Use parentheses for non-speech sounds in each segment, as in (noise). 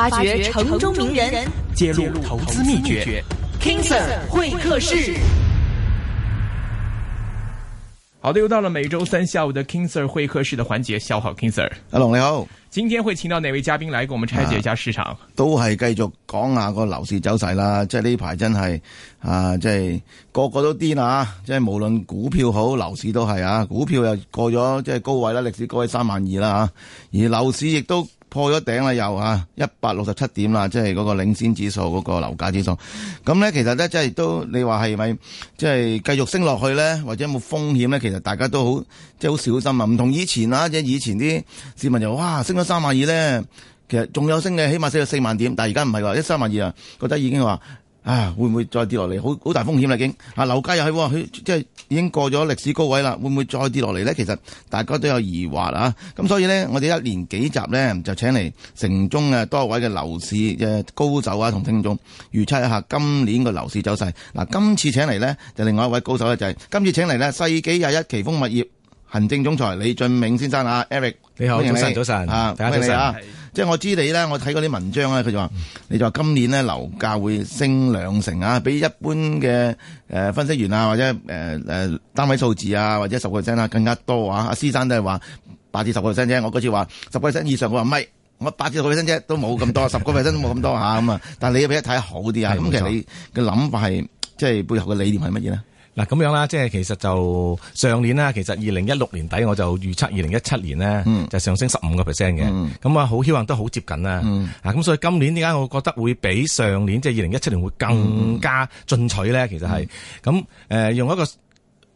挖掘城中名人，揭露投資秘訣。King Sir，會客室，好的，又到了每周三下午的 King Sir 會客室的環節，笑好 King Sir。阿龍你好，今天會請到哪位嘉賓來給我們拆解一下市場？啊、都係繼續講下個樓市走勢啦，即係呢排真係啊，即係個個都癲啦啊！即係無論股票好，樓市都係啊，股票又過咗即係高位啦，歷史高位三萬二啦啊，而樓市亦都。破咗頂啦又啊，一百六十七點啦，即係嗰個領先指數嗰個樓價指數。咁咧，其實咧即係都你話係咪即係繼續升落去咧，或者有冇風險咧？其實大家都好即係好小心啊。唔同以前啦，即係以前啲市民就哇，升咗三萬二咧，其實仲有升嘅，起碼升到四萬點。但係而家唔係話一三萬二啊，32，覺得已經話。啊！會唔會再跌落嚟？好好大風險啦，已經啊！樓價又係，佢即係已經過咗歷史高位啦。會唔會再跌落嚟呢？其實大家都有疑惑啊！咁所以呢，我哋一連幾集呢，就請嚟城中嘅多位嘅樓市嘅高手啊，同聽眾預測一下今年個樓市走勢。嗱，今次請嚟呢，就另外一位高手咧就係、是、今次請嚟呢世紀廿一奇豐物業行政總裁李峻銘先生啊，Eric。你好，早晨。早晨啊，大家早晨。即係我知你咧，我睇過啲文章咧，佢就話，你就話今年咧樓價會升兩成啊，比一般嘅誒分析員啊或者誒誒、呃、單位數字啊或者十個 percent 啊更加多啊。阿師生都係話八至十個 percent 啫，我嗰次話十個 percent 以上，我話咪？我八至十個 percent 啫，都冇咁多，十個 percent 都冇咁多嚇咁啊。但係你俾一睇好啲啊，咁其實你嘅諗法係即係背後嘅理念係乜嘢咧？嗱咁樣啦，即係其實就上年啦，其實二零一六年底我就預測二零一七年呢、嗯，就上升十五個 percent 嘅。咁、嗯嗯、啊，好希望都好接近啦。咁所以今年點解我覺得會比上年即係二零一七年會更加進取咧？其實係咁、嗯嗯、用一個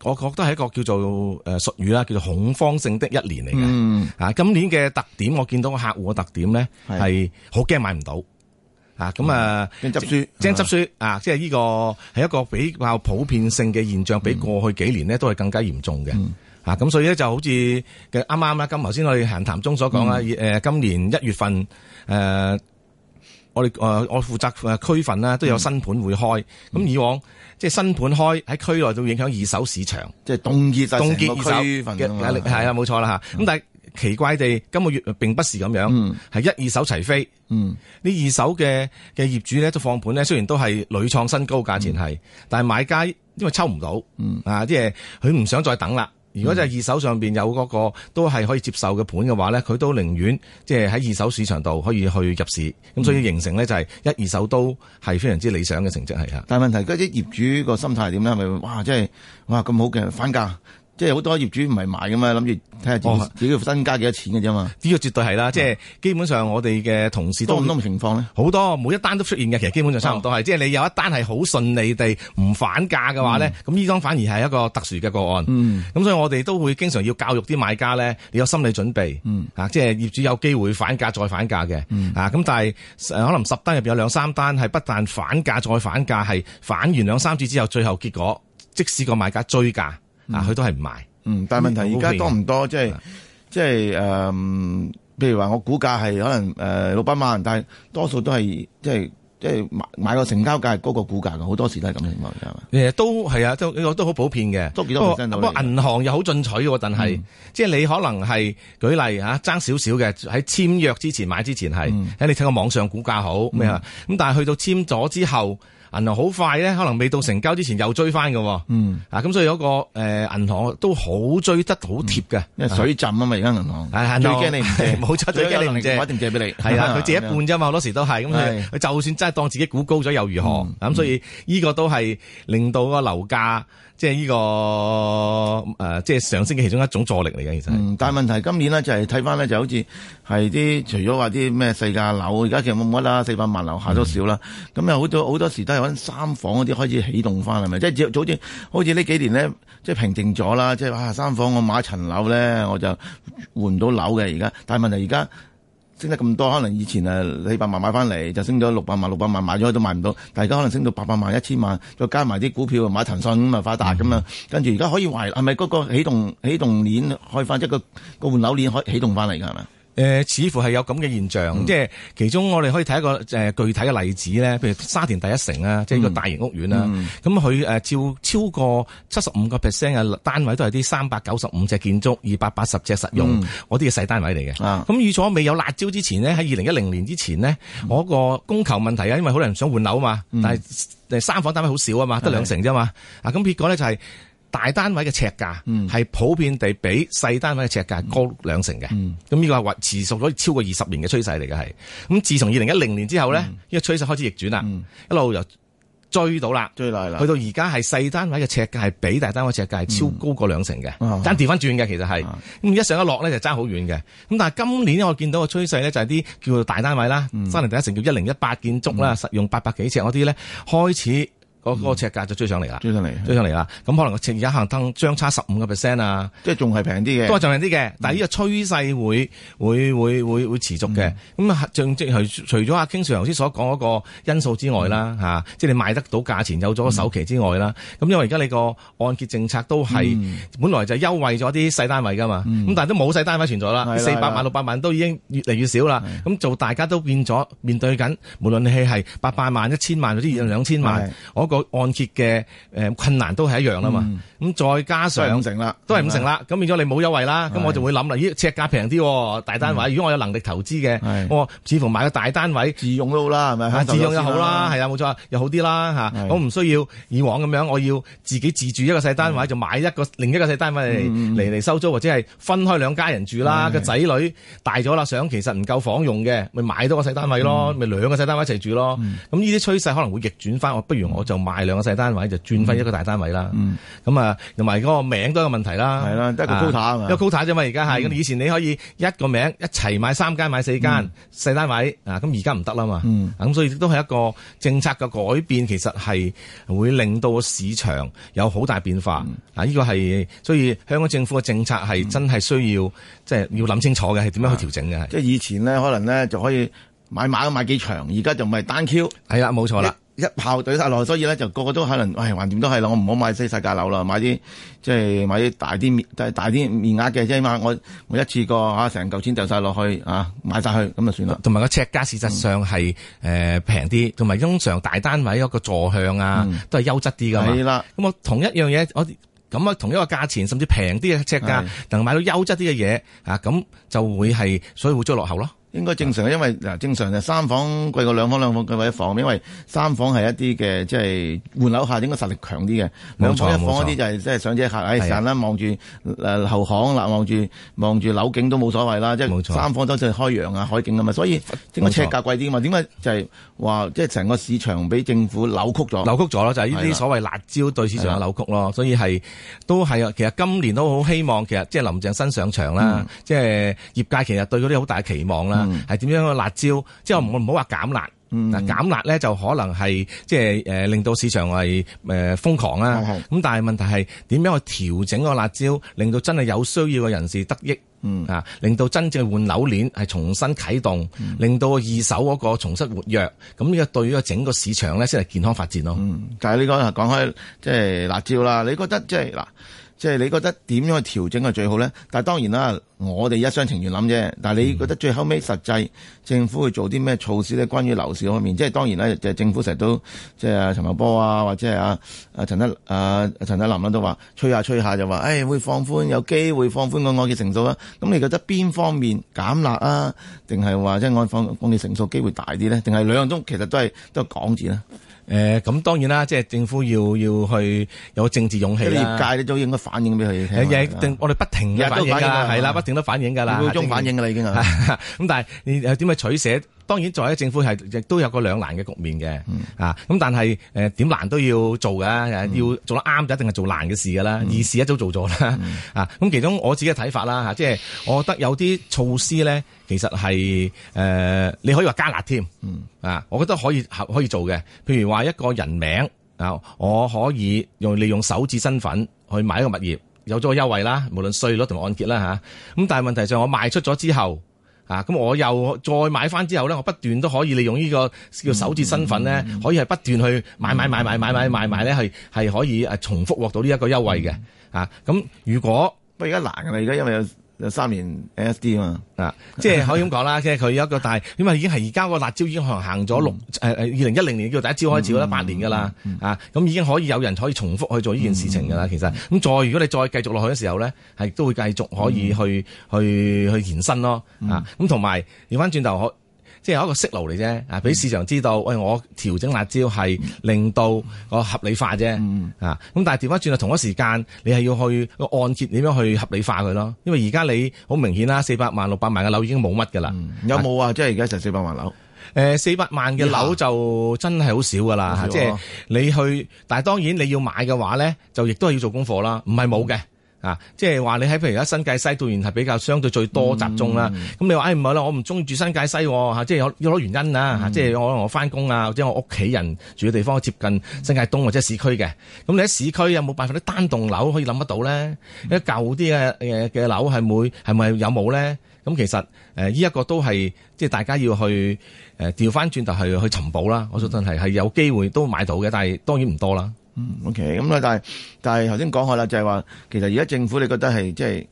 我覺得係一個叫做誒術、呃、語啦，叫做恐慌性的一年嚟嘅、嗯。啊，今年嘅特點，我見到個客戶嘅特點咧，係好驚買唔到。啊，咁、嗯、啊，爭執輸，即執輸，啊，即係呢個係一個比較普遍性嘅現象，比過去幾年咧都係更加嚴重嘅、嗯。啊，咁所以咧就好似啱啱啦，今頭先我哋閒談中所講啦，誒、嗯，今年一月份誒、呃，我哋誒、呃，我負責區份啦，都有新盤會開。咁、嗯、以往即係、嗯就是、新盤開喺區內，都會影響二手市場，即係凍結凍結區份嘅壓力，係啊，冇錯啦吓。咁但係。奇怪地，今個月並不是咁樣，係、嗯、一二手齊飛。嗯，呢二手嘅嘅業主咧都放盤咧，雖然都係屢創新高價錢係，但係買家因為抽唔到，嗯啊即係佢唔想再等啦。如果就係二手上邊有嗰個都係可以接受嘅盤嘅話咧，佢都寧願即係喺二手市場度可以去入市。咁、嗯、所以形成咧就係一二手都係非常之理想嘅成績係啊。但係問題，嗰啲業主個心態係點咧？係咪哇，即係哇咁好嘅反價？即係好多業主唔係買噶嘛，諗住睇下自己身家幾多錢嘅啫嘛。呢個絕對係啦，即係基本上我哋嘅同事都多唔多情況咧，好多每一單都出現嘅。其實基本上差唔多係、哦，即係你有一單係好順利地唔反價嘅話咧，咁呢單反而係一個特殊嘅個案。咁、嗯、所以我哋都會經常要教育啲買家咧，要有心理準備、嗯、啊，即係業主有機會反價再反價嘅、嗯、啊。咁但係、呃、可能十單入邊有兩三單係不但反價再反價，係反完兩三次之後，最後結果即使個買家追價。啊、嗯！佢都係唔賣。嗯，但係問題而家多唔多？嗯、即係即係誒，譬如話我估價係可能誒六百萬，但、呃、係多數都係即係即係買買個成交價係高過估價嘅，好多時都係咁嘅情況，係嘛？誒、嗯，都係啊，都都好普遍嘅。都幾多 percent 到？不過銀行又好進取喎，但係、嗯、即係你可能係舉例吓爭少少嘅，喺、啊、簽約之前買之前係，喺、嗯、你睇個網上估價好咩啊？咁、嗯、但係去到簽咗之後，銀行好快咧，可能未到成交之前又追翻嘅。嗯，啊咁所以嗰、那個誒銀、呃、行都好追得好貼嘅，因為水浸啊嘛而家銀行，係、啊、最驚你唔借，出 (laughs) 最驚你唔借， (laughs) 借，我一定借俾你，係啊，佢、啊、借一半咋嘛，好多時都係，咁、啊、佢就算真係當自己估高咗又如何，咁、嗯嗯啊、所以呢個都係令到個樓價。即係呢，這個誒、呃，即係上升嘅其中一種助力嚟嘅，其實。嗯，但係問題今年呢，就係睇翻呢，就好似係啲除咗話啲咩細價樓，而家其實冇乜啦，四百萬樓下都少啦。咁又好多好多時都係搵三房嗰啲開始起動翻，係、嗯、咪？即係早好似好似呢幾年呢，即、就、係、是、平靜咗啦。即、就、係、是、啊，三房我買層樓咧，我就換唔到樓嘅而家。但係問題而家。升得咁多，可能以前誒四百萬買翻嚟，就升咗六百萬、六百萬買咗都買唔到，但係而家可能升到八百萬、一千萬，再加埋啲股票買騰訊咁啊，發達咁啊，跟住而家可以懷，係咪嗰個起動起動鏈開翻，即係個個換樓鏈可以起動翻嚟㗎係咪？誒、呃，似乎係有咁嘅現象，嗯、即係其中我哋可以睇一個誒、呃、具體嘅例子咧，譬如沙田第一城啊、嗯，即係個大型屋苑啦。咁佢誒照超過七十五個 percent 嘅單位都係啲三百九十五呎建築，二百八十呎實用，我啲嘢細單位嚟嘅。咁預咗未有辣招之前呢，喺二零一零年之前呢、嗯，我個供求問題啊，因為好多人想換樓嘛，嗯、但係三房單位好少啊嘛，得兩成啫嘛。啊，咁結果呢、就係，就係。大單位嘅尺價係普遍地比細單位嘅尺價高兩成嘅，咁呢個係持續咗超過二十年嘅趨勢嚟嘅係。咁自從二零一零年之後呢，呢、嗯、個趨勢開始逆轉啦、嗯嗯，一路由追到啦，追到啦，去到而家係細單位嘅尺價係比大單位尺價係超高過兩成嘅，調返轉嘅其實係。咁、啊、一上一落咧就爭好遠嘅。咁但係今年我見到個趨勢咧就係啲叫做大單位啦，三零一成叫一零一八建築啦、嗯，實用八百幾尺嗰啲咧開始。嗰、那個尺價就追上嚟啦、嗯，追上嚟，追上嚟啦。咁、嗯、可能個情而家行登相差十五個 percent 啊，即係仲係平啲嘅，都係仲平啲嘅。但係呢個趨勢會會會會會持續嘅。咁、嗯、啊，正即係除咗阿 King Sir 頭先所講嗰個因素之外啦，嚇、嗯啊，即係你買得到價錢有咗首期之外啦。咁、嗯、因為而家你個按揭政策都係、嗯、本來就優惠咗啲細單位㗎嘛，咁、嗯、但係都冇細單位存在啦，四、嗯、百萬六百萬都已經越嚟越少啦。咁、嗯、做大家都變咗面對緊，無論你係八百萬一千萬或者二兩千萬，我、嗯。那個個按揭嘅誒困難都係一樣啦嘛。咁再加上五成啦，都係五成啦。咁變咗你冇優惠啦。咁我就會諗啦，咦、呃，尺價平啲，大單位。如果我有能力投資嘅，我似乎買個大單位自用都好啦，係咪自用又好啦，係啊，冇錯又好啲啦吓。我唔需要以往咁樣，我要自己自住一個細單位，就買一個另一個細單位嚟嚟嚟收租，或者係分開兩家人住啦。個仔女大咗啦，想其實唔夠房用嘅，咪買多個細單位咯，咪兩個細單位一齊住咯。咁呢啲趨勢可能會逆轉翻，我不如我就買兩個細單位，就轉翻一個大單位啦。咁啊～同埋嗰個名都有問題啦，係啦，得一個 quota 啊嘛，一個 quota 啫嘛，啊、一個而家係咁。嗯、以前你可以一個名一齊買三間買四間細、嗯、單位啊，咁而家唔得啦嘛。咁、嗯啊、所以都係一個政策嘅改變，其實係會令到個市場有好大變化、嗯、啊！依、呢個係所以香港政府嘅政策係真係需要即係、嗯、要諗清楚嘅，係點樣去調整嘅。即、嗯、係以前呢，可能呢就可以買馬都買幾場，而家就唔係單 Q。係啦，冇錯啦。一炮懟晒落去，所以咧，就個個都可能，喂，橫掂都係啦，我唔好買西世界樓啦，買啲即係買啲大啲面大啲面額嘅，起碼我我一次過吓成嚿錢掉晒落去啊，買晒去咁就算啦。同埋個尺價事實上係誒平啲，同埋通常大單位一個座向啊，嗯、都係優質啲噶嘛。係啦的，咁我同一樣嘢，我咁啊同一個價錢，甚至平啲嘅尺價，能買到優質啲嘅嘢啊，咁、啊啊啊、就會係，所以會追落後咯。應該正常嘅，因為嗱正常就三房貴過兩房，兩房貴過一房，因為三房係一啲嘅即係換樓客，應該實力強啲嘅。兩房一房嗰啲就係即係上車客唉，賺啦，望住誒後巷望住望住樓景都冇所謂啦，即係三房都就係開揚啊，海景啊嘛，所以整個尺價貴啲啊？點解就係話即係成個市場俾政府扭曲咗？扭曲咗啦，就係呢啲所謂辣椒對市場嘅扭曲咯。所以係都係啊，其實今年都好希望，其實即係林鄭新上場啦，即、嗯、係、就是、業界其實對嗰啲好大的期望啦。嗯係點樣個辣招？即係我唔好話減辣，嗯，減辣咧就可能係即係誒，令到市場係誒瘋狂啦。咁、嗯、但係問題係點樣去調整個辣招，令到真係有需要嘅人士得益，吓、嗯，令到真正換樓鏈係重新啟動，令到二手嗰個重新活躍。咁呢個對於個整個市場咧，先係健康發展咯、嗯。但係你講講開即係辣招啦，你覺得即係嗱？即係你覺得點樣去調整係最好呢？但係當然啦，我哋一廂情願諗啫。但係你覺得最後尾實際政府會做啲咩措施呢？關於樓市方面，即係當然啦，政府成日都即係陳茂波啊，或者係、啊陳，啊、陳德霖啦，都話吹下吹下就話，誒、哎、會放寬，有機會放寬個按揭成數啦、啊。咁你覺得邊方面減辣啊，定係話即係按放按揭成數機會大啲呢？定係兩種其實都係都係講字啦。誒，咁、嗯、當然啦，即係政府要要去有政治勇氣啦。業界都應該反映俾佢。我哋不停嘅反映啦，係啦，不停都反映噶啦，集中啦、啊、反映噶啦，映啦已經係。咁但係你點樣取捨？當然，作為政府係亦都有個兩難嘅局面嘅，啊、嗯，咁但係誒點難都要做嘅，嗯，要做得啱就一定係做難嘅事噶啦，嗯，易事一早做咗啦，啊、嗯，咁其中我自己嘅睇法啦吓，即係我覺得有啲措施咧，其實係誒、呃、你可以話加辣添，啊、嗯，我覺得可以合可以做嘅，譬如話一個人名啊，我可以用利用首置身份去買一個物業，有咗個優惠啦，無論稅率同按揭啦吓，咁但係問題上我賣出咗之後。啊！咁我又再買翻之後咧，我不斷都可以利用呢個叫首次身份咧，可以係不斷去買買買買買買買買咧，係係可以誒重複獲到呢一個優惠嘅。啊！咁如果不過而家難㗎喇，而家因為有。三年 S D 啊，啊， (laughs) 即係可以咁講啦，即係佢有一個大，因為已經係而家個辣招已經可能行咗六，誒誒，二零一零年叫第一招開始、mm -hmm. 覺得八年噶啦，mm -hmm. 啊，咁已經可以有人可以重複去做呢件事情噶啦，mm -hmm. 其實，咁再如果你再繼續落去嘅時候咧，係都會繼續可以去、mm -hmm. 去去，去延伸咯，啊，咁同埋調翻轉頭可。即係有一個信號嚟啫啊！俾市場知道、嗯，喂，我調整辣招係令到個合理化啫啊。咁、嗯、但係調翻轉同一時間你係要去個按揭點樣去合理化佢咯？因為而家你好明顯啦，四百萬、六百萬嘅樓已經冇乜噶啦。有冇啊？即係而家就四百萬樓誒，四、呃、四百萬嘅樓就真係好少噶啦。即係、就係、你去，但係當然你要買嘅話咧，就亦都係要做功課啦。唔係冇嘅。嗯啊，即係話你喺譬如而家新界西當然係比較相對最多集中啦。咁、嗯、你話唉，唔係啦，我唔中意住新界西喎，即係有有好多原因啊，即係可能我翻工啊，或者我屋企人住嘅地方接近新界東或者市區嘅。咁你喺市區有冇辦法啲單棟樓可以諗得到咧？嗯、舊一舊啲嘅嘅嘅樓係咪有冇咧？咁其實誒呢一個都係即係大家要去誒調翻轉頭係去尋寶啦。我相信係係有機會都買到嘅，但係當然唔多啦。嗯，OK，咁啦，但係但係頭先講開啦，就係話其實而家政府你覺得係即係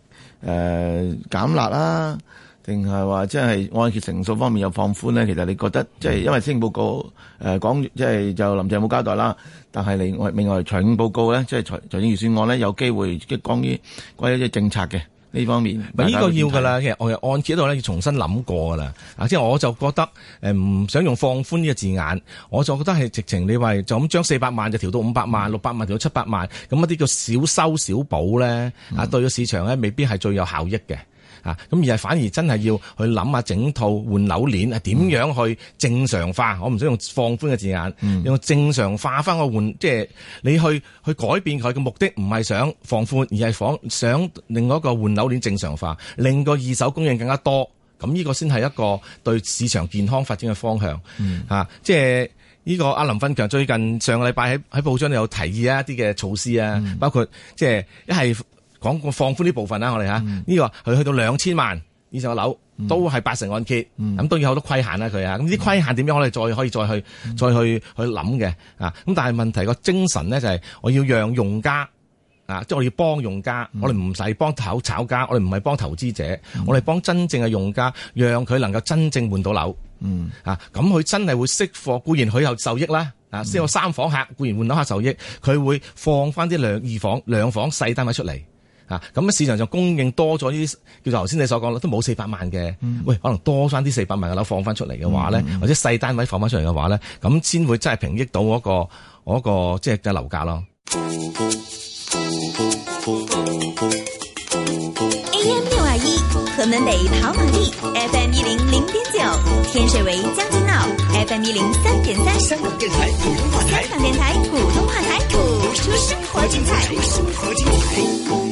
誒減辣啦、啊，定係話即係按揭成數方面又放寬咧？其實你覺得即係因為施政報告誒講即係就林鄭冇交代啦，但係另外另外財政報告咧，即係財財政預算案咧，有機會即係關於關於一啲政策嘅。呢方面，呢、這個要噶啦，其實我哋按揭度咧要重新諗過噶啦。啊，即係我就覺得，誒、嗯、唔想用放寬呢個字眼、嗯，我就覺得係直情你話就咁將四百萬就調到五百萬、六、嗯、百萬調到七百萬，咁一啲叫小修小補咧，啊、嗯、對個市場咧未必係最有效益嘅。啊，咁而係反而真係要去諗下整套換樓鏈係點樣去正常化，我唔想用放寬嘅字眼、嗯，用正常化翻個換，即係你去去改變佢嘅目的，唔係想放寬，而係仿想另外一個換樓鏈正常化，令個二手供應更加多，咁呢個先係一個對市場健康發展嘅方向。啊、嗯，即係呢個阿林奮強最近上個禮拜喺喺報章裡有提議一啲嘅措施啊、嗯，包括即係一係。講個放寬啲部分啦，我哋嚇呢個佢去到兩千萬呢層嘅樓都係八成按揭，咁當然好多規限啦。佢啊，咁啲規限點樣？我哋再可以再去 (noise) 再去再去諗嘅啊。咁但係問題個精神咧、就是，就係我要讓用家啊，即、就、係、是、我要幫用家。 (noise) 我哋唔使幫炒炒家，我哋唔係幫投資者，我哋幫真正嘅用家，讓佢能夠真正換到樓 (noise) 啊。咁佢真係會釋放，固然佢有受益啦啊。先有三房客固然換樓客受益，佢會放翻啲兩二房兩房細單位出嚟。咁喺市場上供應多咗呢啲，叫做頭先你所講啦，都冇四百萬嘅，嗯、喂，可能多翻啲四百萬嘅樓放翻出嚟嘅話咧，嗯、或者細單位放翻出嚟嘅話咧，咁先會真係平抑到嗰、嗰個嗰、嗰個即係嘅樓價咯。AM 六二一，屯門北跑馬地，FM 一零零點九，天水圍將軍澳，FM 一零三點三，香港電台普通話香港電台普通話台，播出生活精彩，生活精彩。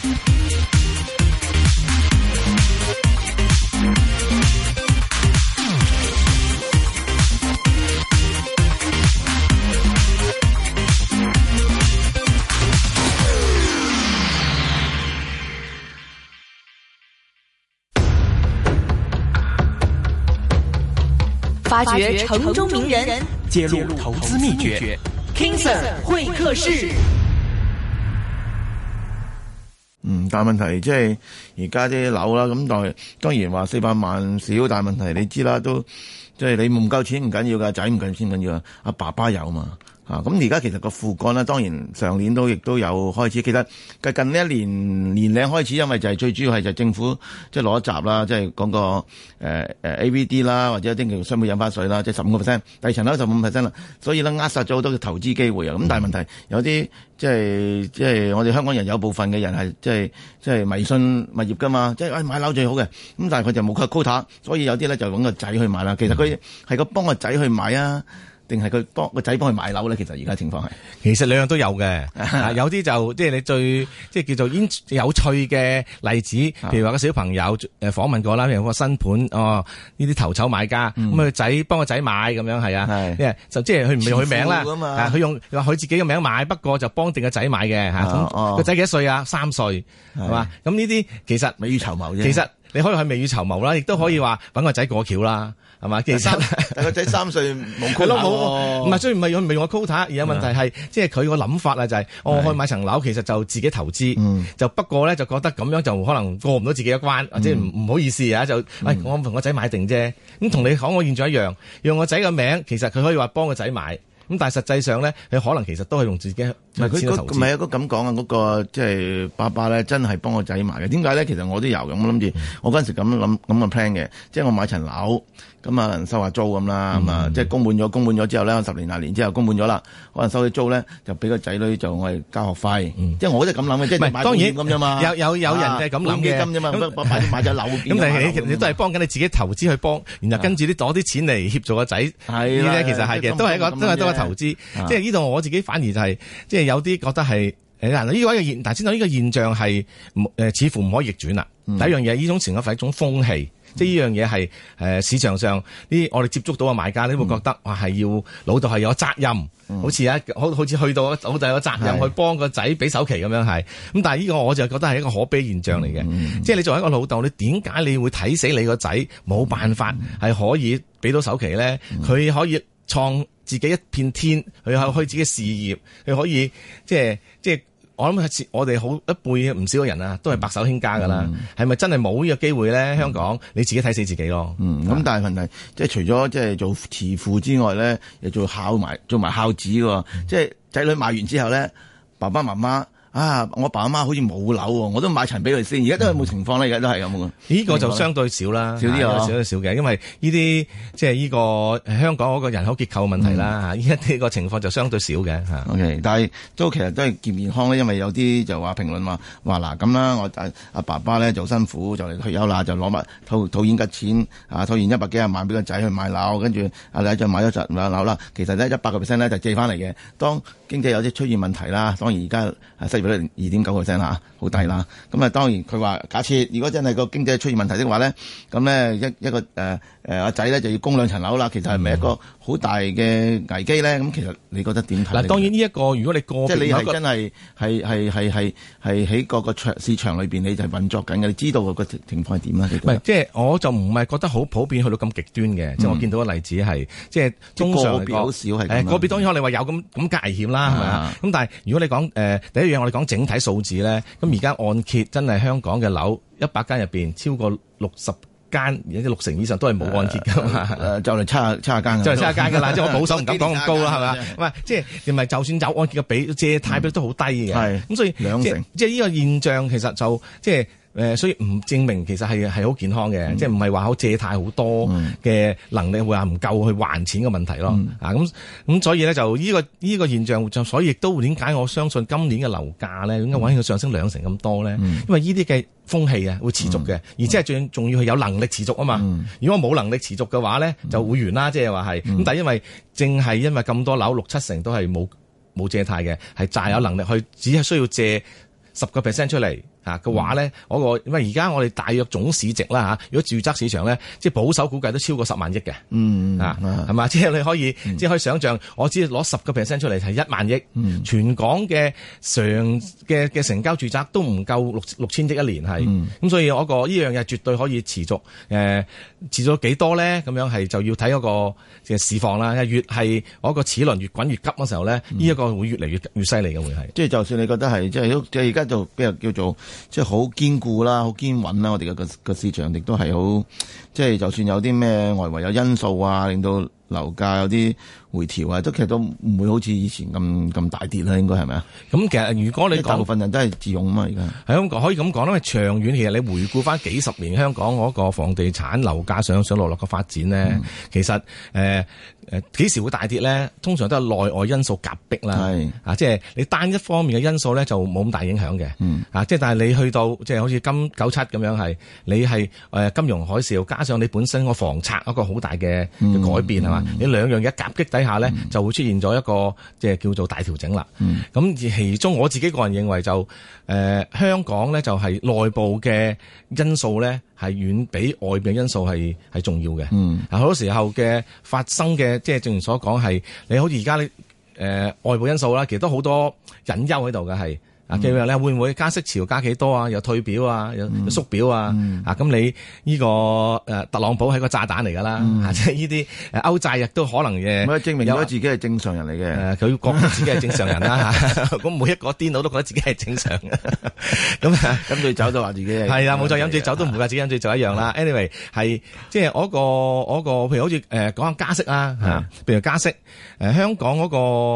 發掘城中名人，揭露投,投資秘訣。King Sir 會客室。嗯，大問題即係而家啲樓啦，咁但係當然話四百萬少，但係問題你知啦，都即係你唔夠錢唔緊要噶，仔唔緊先緊要啊，阿爸爸有嘛。啊，咁而家其實個副幹啦，當然上年都亦都有開始。其實近呢一年年零開始，因為就係最主要係就係政府即係攞一閘啦，即、就、係、是、講個誒 A V D 啦，呃、AVD, 或者一啲叫雙倍印花稅啦，即係十五個 percent，第二層樓十五個 percent 啦，所以咧扼殺咗好多嘅投資機會啊。咁但係問題有啲即係即係我哋香港人有部分嘅人係即係即係迷信物業噶嘛，即係誒買樓最好嘅。咁但係佢就冇個 quota，所以有啲咧就揾個仔去買啦。其實佢係個幫個仔去買、嗯、啊。定係佢幫個仔幫佢買樓咧？其實而家情況係，其實兩樣都有嘅。 (laughs) 有啲就即係、就是、你最即係、就是、叫做有趣嘅例子，譬如話個小朋友誒訪問過啦，譬如話新盤哦呢啲頭籌買家，咁佢個仔幫個仔買咁樣係啊，即係就即係佢唔用佢名啦，但佢用佢自己嘅名買，不過就幫定個仔買嘅嚇。個仔幾多歲啊？三歲係嘛？咁呢啲其實未雨綢繆啫。其實你可以去未雨綢繆啦，亦都可以話揾個仔過橋啦。係嘛？其實但個仔三歲冇 quota 喎，唔係唔係用唔係用我 quota，而有問題係即係佢個諗法啦、就是，就係我去買層樓，其實就自己投資，就不過咧就覺得咁樣就可能過唔到自己一關，即、嗯、或者唔唔好意思啊，就誒、嗯哎、我同個仔買定啫。咁同你講，我現在一樣用個仔嘅名，其實佢可以話幫個仔買，咁但係實際上咧，佢可能其實都係用自己唔佢、那個唔咁講啊嗰個即係、就是、爸爸咧，真係幫個仔買嘅。點解咧？其實我都有咁諗住，我嗰陣、嗯、時咁樣諗咁嘅 plan 嘅，即、那、係、個就是、我買層樓。咁啊，收下租咁啦，咁、嗯、啊，即係供滿咗，供滿咗之後咧，十年廿年之後供滿咗啦，可能收啲租咧，就俾個仔女就我哋交學費，即係我即係咁諗嘅，即係、就是、買當然咁啫嘛，有有有人係咁諗嘅，基金啫嘛，嗯、買買咗樓。咁但係你你都係幫緊你自己投資去幫，然後跟住啲攞啲錢嚟協助個仔，呢啲其實係嘅、就是，都係一個、就是、都係一個投資，即係呢度我自己反而就係、是，即係有啲覺得係，嗱呢個一個現，但、嗯、係先講呢個現象係，誒、呃、似乎唔可以逆轉啦。第、嗯、一樣嘢呢種情況係一種風氣。即係呢樣嘢係市場上啲我哋接觸到嘅買家，你會覺得話係、嗯、要老豆係有責任，好似啊，好好似去到老豆有責任、嗯、去幫個仔俾首期咁樣。係咁，但係呢個我就覺得係一個可悲現象嚟嘅、嗯。即係你作為一個老豆，你點解你會睇死你個仔冇辦法係可以俾到首期咧？佢、嗯、可以創自己一片天，佢可以開自己事業，佢可以即係。即係我諗我哋好一輩唔少嘅人啊，都係白手興家噶啦，係、嗯、咪真係冇呢個機會咧？香、嗯、港你自己睇死自己咯。咁、嗯、但係問題即係除咗即係做慈父之外咧，又做孝埋做埋孝子喎。即係仔女買完之後咧、嗯，爸爸媽媽。啊！我爸阿媽好似冇樓喎，我買都買層俾佢先。而家都有冇情況咧？而家都係咁、欸、呢依、呢個就相對少啦，少啲啊、嗯，少少嘅。因為呢啲即係呢、呢個香港嗰個人口結構問題啦嚇。依家呢個情況就相對少嘅嚇、嗯。OK，但係都其實都係健唔健康咧？因為有啲就話評論話話嗱咁啦，我阿爸爸咧就辛苦，就嚟退休啦，就攞埋套套現嘅錢啊，套現一百幾廿萬俾個仔去買樓，跟住阿仔再買咗就買樓啦。其實咧一百個 percent 咧就借翻嚟嘅。當經濟有啲出現問題啦，當然而家二點九個 percent 啦，好低啦。咁啊，當然佢話假設如果真係個經濟出現問題的話咧，咁咧一一個阿仔咧就要供兩層樓啦。其實係咪一個好大嘅危機咧？咁、嗯、其實你覺得點睇？嗱，當然呢、這、一個如果你過即、就是、你係真係係係係喺個個市場裏面，你就係運作緊嘅，你知道個情況係點啦。即、就是、我就唔係覺得好普遍去到咁極端嘅、嗯。即我見到嘅例子係，即中上好少係誒個別，當然我你話有咁咁危險啦，係咪啊？咁但係如果你講、呃、第一樣我哋。講整體數字咧，咁而家按揭真係香港嘅樓一百間入邊，面超過六十間，有啲六成以上都係冇按揭噶嘛、啊啊啊。就嚟七廿七間，就七間噶啦。即係我保守唔敢講咁高啦，係嘛？即係就算有按揭嘅比借貸都都好低嘅。係、嗯，咁所以兩成，即係呢個現象其實就係、即係。誒，所以唔證明其實係係好健康嘅、嗯，即係唔係話好借貸好多嘅能力、嗯、會話唔夠去還錢嘅問題咯、嗯。啊，咁咁所以咧就呢、這個呢、這個現象就所以亦都點解我相信今年嘅樓價咧點解搵起上升兩成咁多咧、嗯？因為呢啲嘅風氣啊會持續嘅、嗯，而且係仲仲要係有能力持續啊嘛、嗯。如果冇能力持續嘅話咧、嗯，就會完啦。即係話係咁，但係因為正係因為咁多樓六七成都係冇冇借貸嘅，係債有能力去，只係需要借十個 percent 出嚟。啊嘅話咧、嗯，我個因為而家我哋大約總市值啦嚇，如果住宅市場咧，即係保守估計都超過十萬億嘅，嗯啊係嘛，即係你可以即係可以想像，我只係攞十個 percent 出嚟係一萬億，嗯，全港嘅常嘅嘅成交住宅都唔夠六六千億一年係，咁、嗯、所以我、個呢樣嘢絕對可以持續，誒、呃，持續幾多咧？咁樣係就要睇嗰個市況啦。越係我個齒輪越滾越急嘅時候咧，呢、嗯、一、個會越嚟越越犀利嘅會係，即、嗯、係就算你覺得係即係而家就叫、是、叫做。即係好堅固啦，好堅穩啦，我哋嘅個個市場亦都係好，即係就算有啲咩外圍有因素啊，令到樓價有啲。回調啊，都其實都唔會好似以前咁咁大跌啦，應該係咪啊？咁其實如果你大部分人都係自用啊嘛，而家係咁可以咁講啦。因為長遠其實你回顧翻幾十年香港嗰個房地產樓價上上落落嘅發展呢、嗯，其實誒誒幾時會大跌呢？通常都係內外因素夾擊啦，係啊，即係你單一方面嘅因素咧就冇咁大影響嘅，嗯啊，即係但係你去到即係好似金九七咁樣係，你係、呃、金融海嘯，加上你本身個房策一個好大嘅、嗯、改變係嘛？你兩樣嘢夾擊底。下、嗯、咧就會出現咗一個即係叫做大調整啦。咁、嗯、而其中我自己個人認為就誒、呃、香港咧就係內部嘅因素咧，係遠比外邊嘅因素係係重要嘅。嗱、嗯、好多時候嘅發生嘅，即係正如所講係你好似而家誒外部因素啦，其實都好多隱憂喺度嘅係。啊、嗯，即會唔會加息潮加幾多啊？又退表啊，又縮表啊？表啊，咁、嗯啊、你呢、呢個誒、啊、特朗普係個炸彈嚟噶啦？即係呢啲誒歐債亦都可能嘅。咁啊，證明咗自己係正常人嚟嘅。佢、啊、覺得自己係正常人啦、啊、吓。咁、 (laughs) 啊、每一個癲佬都覺得自己係正常。咁 (laughs) 啊，咁佢走就話自己係、啊。啦、啊，冇、啊、再飲醉酒都唔、啊、自己飲醉酒一樣啦。啊、anyway，係即係嗰個嗰個，譬、那個、如好似誒講下加息啊，吓、啊，譬如加息，誒、呃、香港嗰、那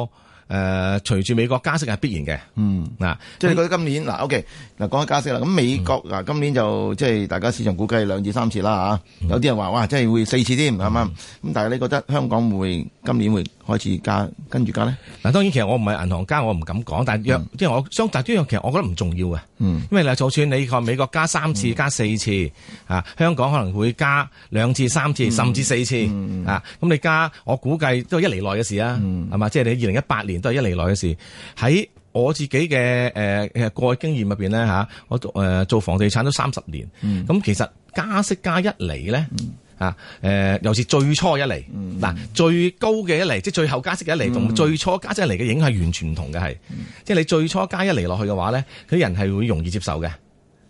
個。誒、呃，隨住美國加息係必然嘅，嗯，嗱、啊，即係你覺得今年嗱、啊，OK，嗱講下加息啦，咁美國嗱、嗯啊、今年就即係大家市場估計兩至三次啦，吓、嗯，有啲人話哇，即係會四次添係咪？咁、嗯、但係你覺得香港會、嗯、今年會？開始加跟住加咧，嗱當然其實我唔係銀行家，我唔敢講。但若即係我雙集呢樣，其實我,我,、嗯、我覺得唔重要嘅。嗯，因為你就算你美國加三次、嗯、加四次，啊，香港可能會加兩次、三次，嗯、甚至四次、嗯、啊。咁你加，我估計都係一厘內嘅事啦，係、嗯、嘛？即係你二零一八年都係一厘內嘅事。喺我自己嘅誒，其、呃、實過去經驗入邊咧吓，我誒、呃、做房地產都三十年，咁、嗯、其實加息加一厘咧。嗯啊，誒尤其是最初一嚟，嗱、嗯、最高嘅一嚟，即係最後加息嘅一嚟，同最初加息一嚟嘅影響完全唔同嘅，係、嗯、即係你最初加一嚟落去嘅話咧，佢啲人係會容易接受嘅、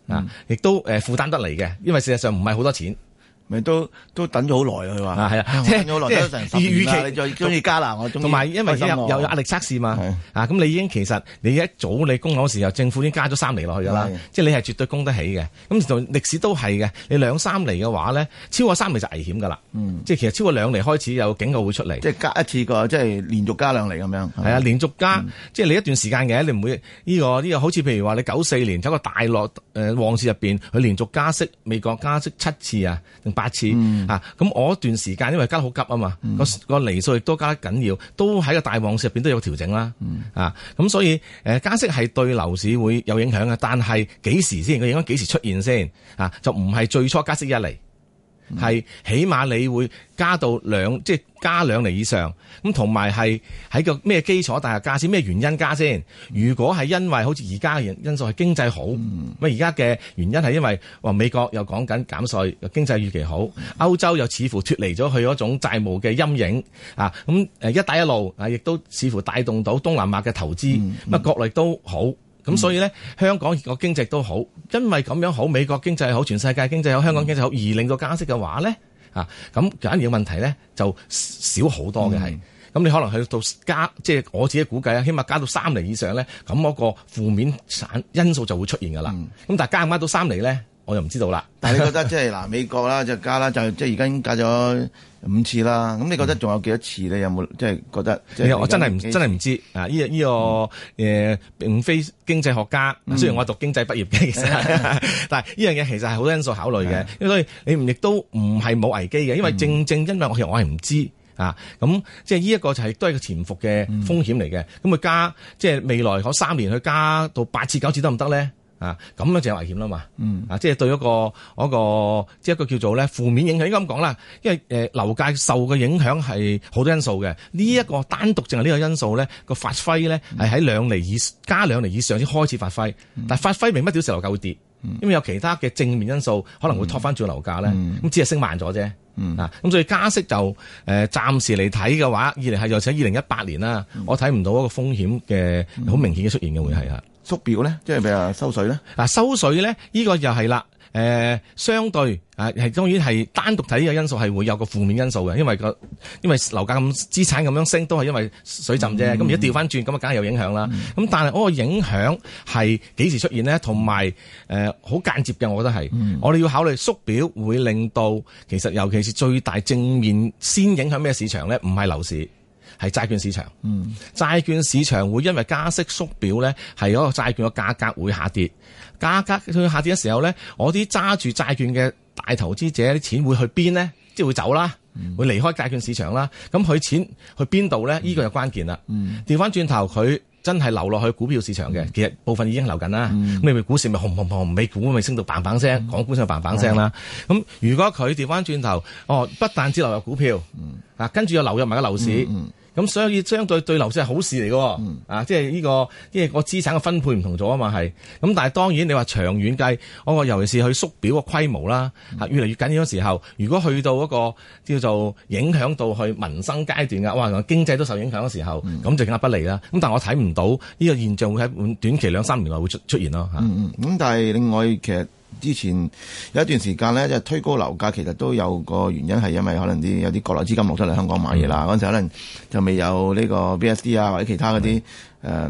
嗯，啊，亦都誒負擔得嚟嘅，因為事實上唔係好多錢。咪都都等咗好耐啊！佢話啊，係啊，等咗好耐，啊就是，都成十年啦，你再中意加啦，我中意。同埋因為有有壓力測試嘛，啊咁，啊，你已經其實你一早你供樓時候，政府已經加咗三厘落去噶啦，啊啊，即係你係絕對供得起嘅。咁同歷史都係嘅，你兩三厘嘅話咧，超過三厘就危險噶啦，嗯。即係其實超過兩厘開始有警告會出嚟，即係加一次過即係連續加兩厘咁樣。係啊，啊，連續加，嗯，即係你一段時間嘅，你唔會呢，呢個呢，呢個好似譬如話你九四年走個大落誒黃市入邊，佢，呃，連續加息，美國加息七次啊。八次嚇，咁、嗯啊、我段時間因為加得好急啊嘛，嗯啊，那個個釐數亦都加得緊要，都喺個大旺市入邊都有個調整啦。啊，咁所以誒加息係對樓市會有影響嘅，但係幾時先？佢影響幾時出現先？啊，就唔係最初加息一嚟。係起碼你會加到兩，即係加兩厘以上。咁同埋係喺個咩基礎大？大下價先咩原因加先？如果係因為好似而家嘅因素係經濟好，咁而家嘅原因係因為話美國又講緊減稅，經濟預期好，歐洲又似乎脫離咗佢嗰種債務嘅陰影啊。咁誒，一帶一路啊，亦都似乎帶動到東南亞嘅投資，咁啊國內都好。咁、嗯、所以咧，香港個經濟都好，因為咁樣好，美國經濟好，全世界經濟好，香港經濟好，而令到加息嘅話咧，啊，咁簡言嘅問題咧就少好多嘅係。咁、嗯、你可能去到加，即、就、係、是、我自己估計啊，起碼加到三厘以上咧，咁嗰個負面散因素就會出現㗎啦。咁、嗯、但係加唔加到三厘咧？我就唔知道啦， (laughs) 但係你覺得即係嗱，美國啦就加啦就即係而家加咗五次啦，咁你覺得仲有幾多次、嗯、你有冇即係覺得？我，我真係唔真係唔知、嗯、啊！呢、這個呢個誒，並非經濟學家、嗯，雖然我讀經濟畢業嘅其實、嗯，但係呢樣嘢其實係好多因素考慮嘅、嗯。所以你唔亦都唔係冇危機嘅，因為正正因為我其實我係唔知啊。咁即係呢一個就係都係個潛伏嘅風險嚟嘅。咁、嗯、佢加即係未來嗰三年去加到八次九次得唔得咧？啊，咁咧就有危險啦嘛，嗯啊，即係對嗰個嗰個，即係一個叫做咧負面影響應該咁講啦，因為誒樓價受嘅影響係好多因素嘅，呢一個單獨淨係呢個因素咧個發揮咧係喺兩厘以加兩厘以上先開始發揮，嗯、但係發揮明乜屌時候樓價會跌，嗯、因為有其他嘅正面因素可能會托翻住樓價咧，咁、嗯、只係升慢咗啫，嗯、啊，咁所以加息就誒暫時嚟睇嘅話，尤其係二零一八年啦，嗯、我睇唔到一個風險嘅好明顯嘅出現嘅會係吓。縮表咧，即係譬如收水咧。嗱，收水咧，呢個又係啦。誒，相對誒係當然係單獨睇呢個因素係會有個負面因素嘅，因為個因為樓價咁資產咁樣升都係因為水浸啫。咁而家掉翻轉咁啊，梗係有影響啦。咁但係嗰個影響係幾時出現咧？同埋誒好間接嘅，我覺得係。我哋要考慮縮表會令到其實尤其是最大正面先影響咩市場咧？唔係樓市。係債券市場、嗯，債券市場會因為加息縮表咧，係嗰個債券嘅價格會下跌。價格佢下跌嘅時候咧，我啲揸住債券嘅大投資者啲錢會去邊咧？即係會走啦、嗯，會離開債券市場啦。咁佢錢去邊度咧？呢、呢個就關鍵啦。調翻轉頭，佢真係流落去股票市場嘅、嗯，其實部分已經流緊啦。咁、嗯、你咪股市咪紅紅紅，美股咪升到 bang bang 聲，港股就 bang bang 聲啦。咁、嗯嗯、如果佢調翻轉頭，哦，不但只流入股票，啊、嗯，跟住又流入埋個樓市。嗯嗯。咁所以相對對樓市係好事嚟嘅、嗯，啊，即係呢個即係、這個資產嘅分配唔同咗啊嘛係。咁但係當然你話長遠計，我話尤其是去縮表個規模啦、嗯，越嚟越緊要嗰時候，如果去到一個叫做影響到去民生階段嘅，哇、啊啊，經濟都受影響嘅時候，咁、嗯、就更加不利啦。咁但我睇唔到呢個現象會喺短期兩三年內會出出現咯。嗯咁但係另外其實之前有一段時間咧，就推高樓價，其實都有個原因係因為可能啲有啲國內資金落咗嚟香港買嘢啦。嗰、嗯、時候可能就未有呢個 B S D 啊，或者其他嗰啲誒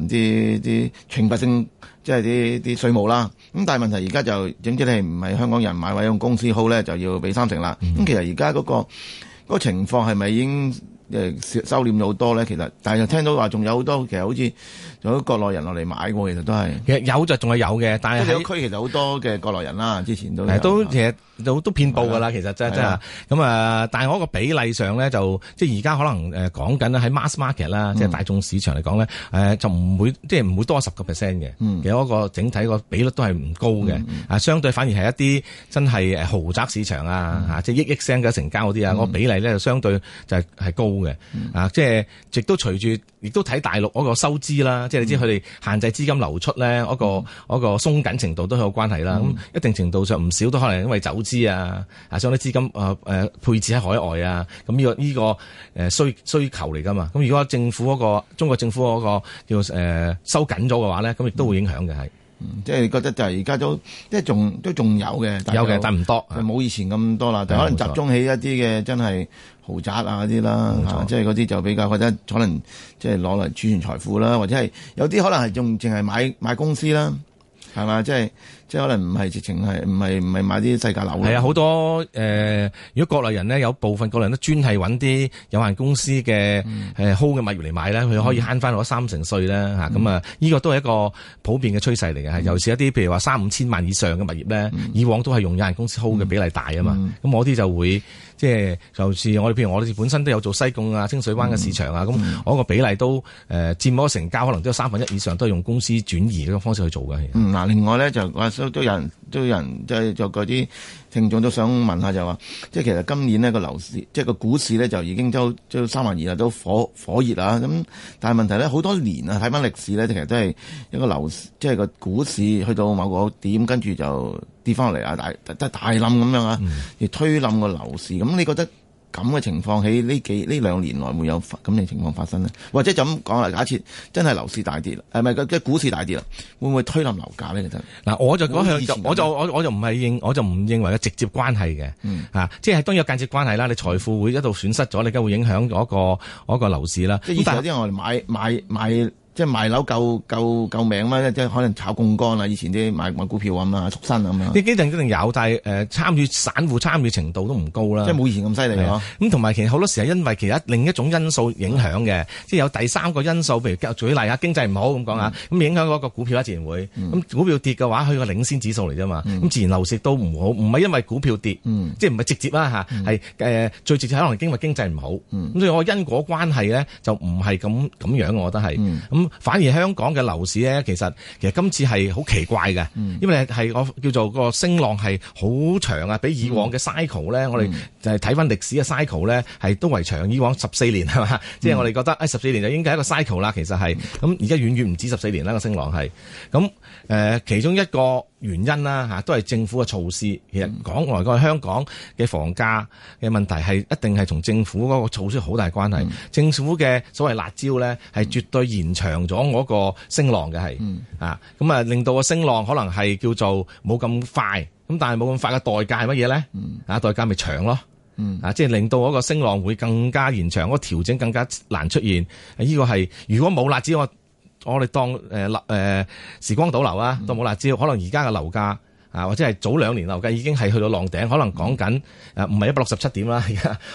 啲啲懲罰性，即係啲啲稅務啦。咁但係問題而家就總之你唔係香港人買，或者用公司號咧，就要俾三成啦。咁、嗯、其實而家嗰個嗰、那個、情況係咪已經誒、就是、收斂咗好多咧？其實，但係就聽到話仲有好多，其實好似。有國內人落嚟買喎，其實都係其實有就仲係有嘅，但係呢個區其實好多嘅國內人啦，之前都誒都其實都，都遍布㗎啦，其實真係真係啊咁啊！但係嗰個比例上咧，就即係而家可能誒、呃、講緊喺 mass market 啦、嗯，即、就、係、是、大眾市場嚟講咧，就唔會即係唔會多十個 percent 嘅，其實嗰個整體個比率都係唔高嘅、嗯嗯、啊，相對反而係一啲真係豪宅市場啊、嗯、啊即係億億聲嘅成交嗰啲啊，我個比例咧就相對就係高嘅、嗯、啊，即係亦都隨住亦都睇大陸嗰個收支啦。啊即係你知佢哋限制資金流出咧，嗰個嗰個鬆緊程度都有關係啦。咁一定程度上唔少都可能因為走資啊，啊，將啲資金啊配置喺海外啊。咁、呢個、呢個呢個需需求嚟噶嘛。咁如果政府嗰個中國政府嗰個叫誒收緊咗嘅話咧，咁亦都會影響嘅係嗯、即係覺得就係而家都即係仲都仲有嘅，有嘅但唔多，冇以前咁多啦。但係可能集中起一啲嘅真係豪宅啊嗰啲啦，即係嗰啲就比較覺得可能即係攞嚟儲存財富啦，或者係有啲可能係仲淨係買買公司啦，係嘛即係。即係即係可能唔係直情係唔係唔係買啲細價樓咧，係啊好多誒、呃，如果國內人咧，有部分國內人都專係揾啲有限公司嘅誒、嗯呃、hold 嘅物業嚟買咧，佢可以慳翻落三成稅呢。吓、嗯，咁啊呢個都係一個普遍嘅趨勢嚟嘅，係、嗯、尤其一啲譬如話三五千萬以上嘅物業咧、嗯，以往都係用有限公司 hold 嘅比例大啊嘛，咁我啲就會。即係就是我哋，譬如我哋本身都有做西貢啊、清水灣嘅市場啊，咁、嗯、我個比例都誒佔咗成交，可能都有三分一以上都係用公司轉移呢個方式去做嘅。嗯，嗱，另外咧就話都有人都有人即係、就是、做嗰啲。聽眾都想問下就話，即係其實今年呢個樓市，即係個股市咧就已經都都三萬二啊，都火火熱啊咁。但係問題咧，好多年啊，睇翻歷史咧，其實都係一個樓市，即係個股市去到某個點，跟住就跌翻落嚟啊，大得大冧咁樣啊，要推冧個樓市。咁你覺得？咁嘅情況喺呢幾呢兩年內會有咁嘅情況發生呢？或者就咁講啦，假設真係樓市大跌，誒唔係即係股市大跌啦，會唔會推冧樓價呢？其實嗱，我就嗰向我就我我就唔係認，我就唔認為有直接關係嘅，嗯啊、即係當然有間接關係啦。你財富會一度損失咗，你而家會影響嗰個嗰個樓市啦。之前有啲人買買買。即係賣樓夠夠夠命啊！即係可能炒槓桿啦，以前啲買買股票咁啦，畜生咁樣。啲基金一定有，但係誒參與散戶參與程度都唔高啦、嗯。即係冇以前咁犀利嗬。咁同埋其實好多時候係因為其他另一種因素影響嘅，即係有第三個因素，譬如舉例啊，經濟唔好咁講啊，咁、嗯、影響嗰個股票啊，自然會。咁、嗯、股票跌嘅話，佢個領先指數嚟啫嘛。咁自然樓市都唔好，唔、嗯、係因為股票跌，嗯、即係唔係直接啦吓，係、嗯、誒、呃、最直接可能係因為經濟唔好。咁、嗯、所以我因果關係咧就唔係咁咁樣，我覺得係。咁、嗯反而香港嘅樓市咧，其實其實今次係好奇怪嘅、嗯，因為係我叫做個升浪係好長啊，比以往嘅 cycle 咧、嗯，我哋就係睇翻歷史嘅 cycle 咧，係都為長。以往十四年係嘛，即係、嗯就係、我哋覺得誒十四年就應該係一個 cycle 啦。其實係咁，而家遠遠唔止十四年啦、個升浪係咁。誒，其中一個原因啦吓，都係政府嘅措施。其實講嚟講，香港嘅房價嘅問題係、嗯、一定係同政府嗰個措施好大關係。嗯、政府嘅所謂辣椒咧，係絕對延長咗嗰個升浪嘅係。嗯、啊，咁啊令到個升浪可能係叫做冇咁快。咁但係冇咁快嘅代價係乜嘢咧？啊，代價咪長咯。啊，即係令到嗰個升浪會更加延長，嗰個調整更加難出現。呢、呢個係如果冇辣椒。我、哦、哋當誒樓誒時光倒流啊，都冇辣椒，只要可能而家嘅樓價啊，或者係早兩年樓價已經係去到浪頂，可能講緊誒唔係一百六十七點啦，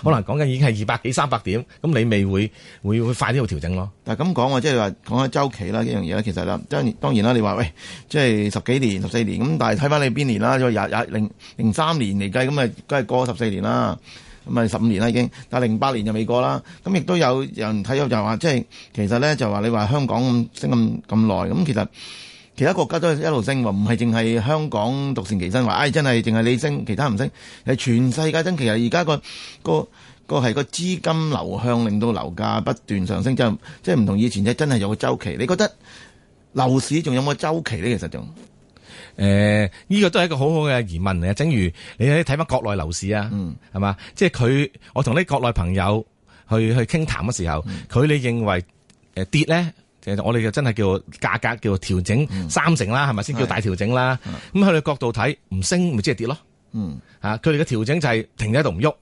可能講緊已經係二百幾三百點，咁你未會會會快啲去調整咯？但係咁講啊，即係話講下周期啦，呢樣嘢咧，其實咧，當然當然啦，你話喂，即係十幾年、十四年咁，但係睇翻你邊年啦，再廿廿零零三年嚟計，咁咪梗係過咗十四年啦。咁咪十五年啦已經，但係零八年就未過啦。咁亦都有人睇咗就話，即係其實咧就話你話香港咁升咁咁耐，咁其實其他國家都係一路升，唔係淨係香港獨善其身。話唉，真係淨係你升，其他唔升，係全世界真其實而家個個個係個資金流向令到樓價不斷上升，即係即係唔同以前嘅真係有個周期。你覺得樓市仲有冇周期呢？其實仲？誒、呃，呢個都係一個好好嘅疑問嚟啊！正如你睇翻國內樓市啊，嗯，係嘛，即係佢，我同啲國內朋友去去傾談嘅時候，佢、嗯、你認為誒、呃、跌咧，我哋就真係叫價格叫調整三成啦，係咪先叫大調整啦？咁喺佢角度睇，唔升咪即係跌咯？嗯，吓佢哋嘅調整就係停喺度唔喐。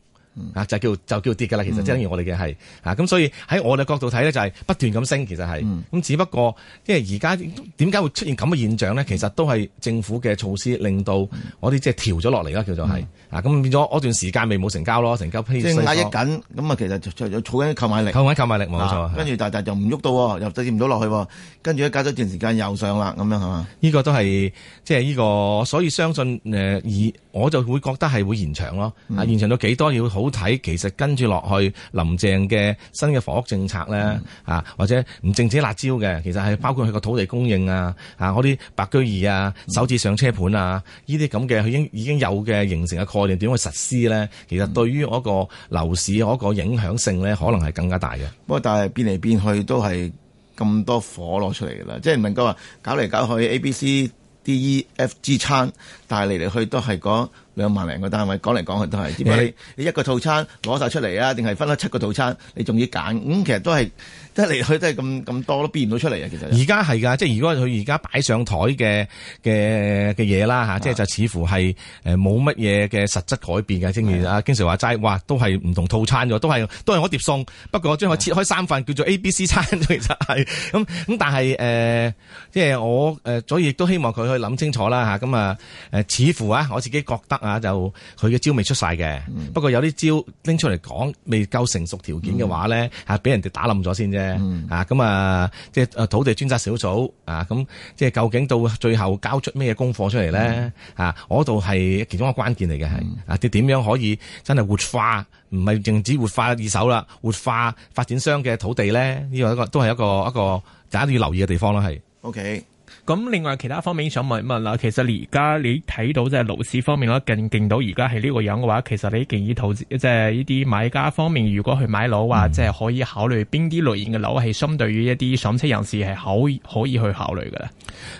啊、嗯，就叫就叫跌嘅啦，其實即係等於我哋嘅係啊，咁所以喺我哋角度睇咧，就係、是、不斷咁升，其實係咁、嗯，只不過因為而家點解會出現咁嘅現象咧？其實都係政府嘅措施令到我哋即係調咗落嚟啦，叫做係啊，咁變咗嗰段時間未冇成交咯，成交批即係壓緊咁啊，其實就就儲緊購買力，購買購買力冇錯，跟住、啊啊、大大就唔喐到喎，又推唔到落去喎，跟住咧隔咗段時間又上啦，咁樣係嘛？呢、這個都係即係呢個，所以相信誒，而、呃、我就會覺得係會延長咯、嗯，延長到幾多要好。都睇其實跟住落去林鄭嘅新嘅房屋政策咧，啊、嗯，或者唔淨止辣椒嘅，其實係包括佢個土地供應、嗯、啊，啊嗰啲白居易啊、嗯、手指上車盤啊，呢啲咁嘅佢已經已經有嘅形成嘅概念點去實施咧，其實對於嗰個樓市嗰個影響性咧，可能係更加大嘅。不過但係變嚟變去都係咁多火攞出嚟啦，即係唔能夠話搞嚟搞去 A、B、C、D、E、F G 餐，但係嚟嚟去都係講。兩萬零個單位講嚟講去都係，咁啊你你一個套餐攞晒出嚟啊，定係分咗七個套餐？你仲要揀？咁其實都係，即係嚟去都係咁咁多咯，變唔到出嚟啊！其實而家係㗎，即係如果佢而家擺上台嘅嘅嘅嘢啦嚇，即係就似乎係誒冇乜嘢嘅實質改變嘅，正如啊經常話齋，哇都係唔同套餐嘅，都係都係我碟餸，不過我將佢切開三份叫做 A、B、C 餐，其實係咁咁，但係誒、呃，即係我誒、呃，所以亦都希望佢去諗清楚啦吓，咁啊誒、嗯呃，似乎啊我自己覺得啊！就佢嘅招未出晒嘅，不過有啲招拎出嚟講未夠成熟條件嘅話咧，啊、嗯、俾人哋打冧咗先啫。啊、嗯、咁啊，即係土地專責小組啊，咁即係究竟到最後交出咩功課出嚟咧、嗯？啊，我度係其中一個關鍵嚟嘅，係、嗯、啊，即點樣可以真係活化？唔係淨止活化二手啦，活化發展商嘅土地咧，呢個一個都係一個一個，一個大家都要留意嘅地方啦，係。OK。咁另外其他方面想問一問啦，其實而家你睇到即係樓市方面啦，勁勁到而家係呢個樣嘅話，其實你建議投資即係呢啲買家方面，如果去買樓話，即係可以考慮邊啲類型嘅樓係相對於一啲上車人士係可以可以去考慮嘅咧？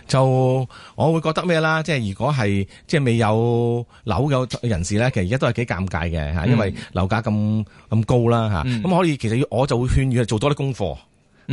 就我會覺得咩啦，即係如果係即係未有樓嘅人士咧，其實而家都係幾尷尬嘅吓，因為樓價咁咁高啦吓，咁可以其實我就會勸佢做多啲功課。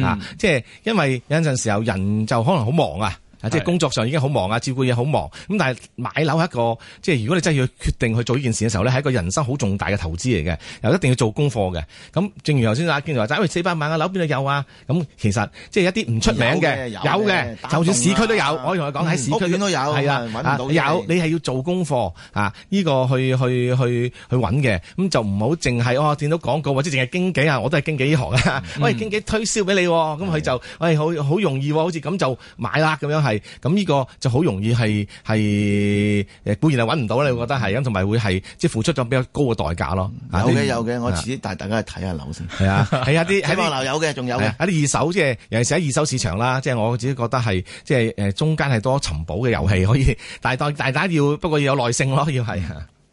啊，即係因為有陣時候人就可能好忙啊。即係工作上已經好忙啊，照顧嘢好忙咁，但係買樓係一個，即係如果你真係要決定去做呢件事嘅時候咧，係一個人生好重大嘅投資嚟嘅，又一定要做功課嘅。咁正如頭先阿堅話齋，喂，四百萬嘅樓邊度有啊？咁其實即係一啲唔出名嘅，有嘅、啊，就算市區都有。我同佢講喺市區都有，係啊，有你係要做功課啊，呢、呢個去去去去揾嘅，咁就唔好淨係哦見到廣告或者淨係經紀啊，我都係經紀呢行啦，喂、嗯、 (laughs) 經紀推銷俾你，咁佢就喂好好容易好似咁就買啦咁樣係。咁呢個就好容易係係誒，固然係揾唔到你會覺得係咁，同埋會係即係付出咗比較高嘅代價咯。好嘅，有嘅，我遲啲帶大家去睇下樓先。係啊，係啊，啲喺旺樓有嘅，仲有嘅，喺啲二手即係尤其是喺二手市場啦，即係我自己覺得係即係中間係多尋寶嘅遊戲可以大大，但係大家要不過要有耐性咯，要係啊。